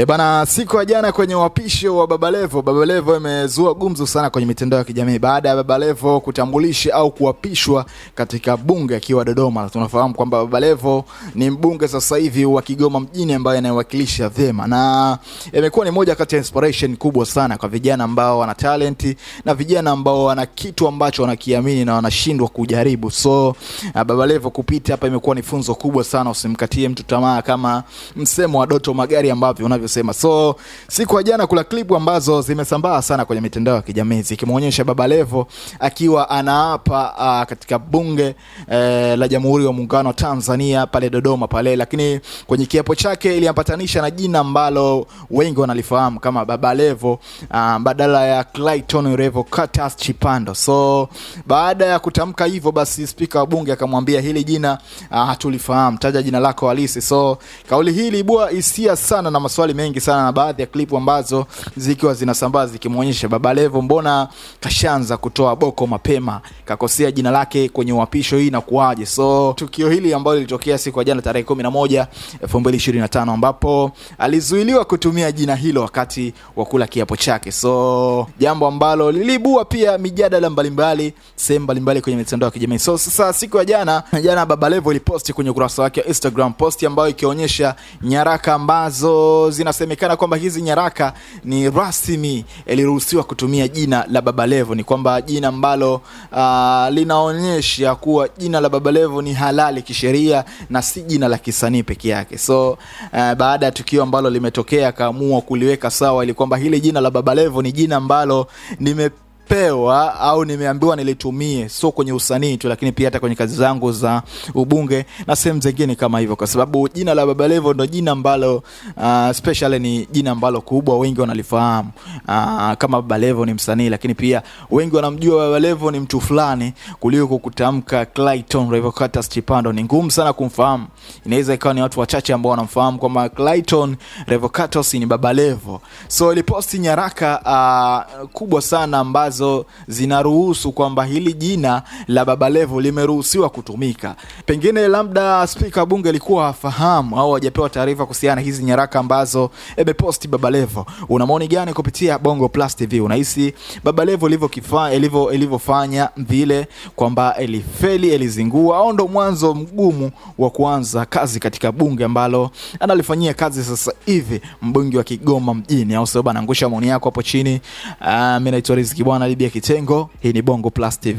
E bana, siku ya jana kwenye uapisho wa Babalevo, Levo imezua gumzo sana kwenye mitandao ya kijamii baada ya Babalevo kutambulisha au kuapishwa katika bunge akiwa Dodoma. Tunafahamu kwamba Levo ni mbunge sasa hivi wa Kigoma mjini ambaye anayewakilisha vyema, na imekuwa ni moja kati ya inspiration kubwa sana kwa vijana ambao wana talent na vijana ambao wana kitu ambacho wanakiamini na wanashindwa kujaribu. So ah, Levo kupita hapa imekuwa ni funzo kubwa sana, usimkatie mtu tamaa, kama msemo wa Doto Magari ambavyo unavyo alivyosema. So siku ya jana kuna klipu ambazo zimesambaa sana kwenye mitandao ya kijamii zikimwonyesha Baba Levo akiwa anaapa uh, katika bunge uh, la Jamhuri wa Muungano wa Tanzania pale Dodoma pale, lakini kwenye kiapo chake iliampatanisha na jina ambalo wengi wanalifahamu kama Baba Levo uh, badala ya Clayton Revo katas Chipando. So baada ya kutamka hivyo, basi spika wa bunge akamwambia hili jina uh, hatulifahamu, taja jina lako halisi. So kauli hii ilibua hisia sana na maswali mengi sana na baadhi ya klipu ambazo zikiwa zinasambaa zikimwonyesha Baba Levo, mbona kashaanza kutoa boko mapema, kakosea jina lake kwenye uapisho, hii na inakuwaje? So tukio hili ambalo lilitokea siku ya jana tarehe 11 2025, ambapo alizuiliwa kutumia jina hilo wakati wa kula kiapo chake, so jambo ambalo liliibua pia mijadala mbalimbali sehemu mbalimbali kwenye mitandao ya kijamii. So sasa siku ya jana jana, Baba Levo iliposti kwenye ukurasa wake wa Instagram posti ambayo ikionyesha nyaraka ambazo zinasemekana kwamba hizi nyaraka ni rasmi iliruhusiwa eh, kutumia jina la Baba Levo, ni kwamba jina ambalo uh, linaonyesha kuwa jina la Baba Levo ni halali kisheria na si jina la kisanii peke yake. So uh, baada ya tukio ambalo limetokea, akaamua kuliweka sawa ili kwamba hili jina la Baba Levo ni jina ambalo nime nimepewa au nimeambiwa nilitumie, sio kwenye usanii tu, lakini pia hata kwenye kazi zangu za ubunge na sehemu zingine kama hivyo, kwa sababu jina la Baba Levo ndo jina ambalo uh, ah, special ni jina ambalo kubwa wengi wanalifahamu uh, kama Baba Levo ni msanii, lakini pia wengi wanamjua Baba Levo ni mtu fulani kuliko kutamka Clayton Revocatus Chipando. Ni ngumu sana kumfahamu, inaweza ikawa ni watu wachache ambao wanamfahamu kwamba Clayton Revocatus ni Baba Levo. So iliposti nyaraka uh, kubwa sana ambazo ambazo zinaruhusu kwamba hili jina la Levo limeruhusiwa kutumika. Pengine labda spika bunge alikuwa hafahamu au hajapewa taarifa kuhusiana hizi nyaraka ambazo Baba Levo. Una maoni gani kupitia Bongo Plus TV? Unahisi ilivyo ilivyofanya vile kwamba elifeli, elizingua au ndo mwanzo mgumu wa kuanza kazi katika bunge ambalo analifanyia kazi sasa hivi mbunge wa Kigoma mjini, au sio bana? Angusha maoni yako hapo chini. Ah, mimi naitwa Riziki bwana. Bibi ya Kitengo. Hii ni Bongo Plus TV.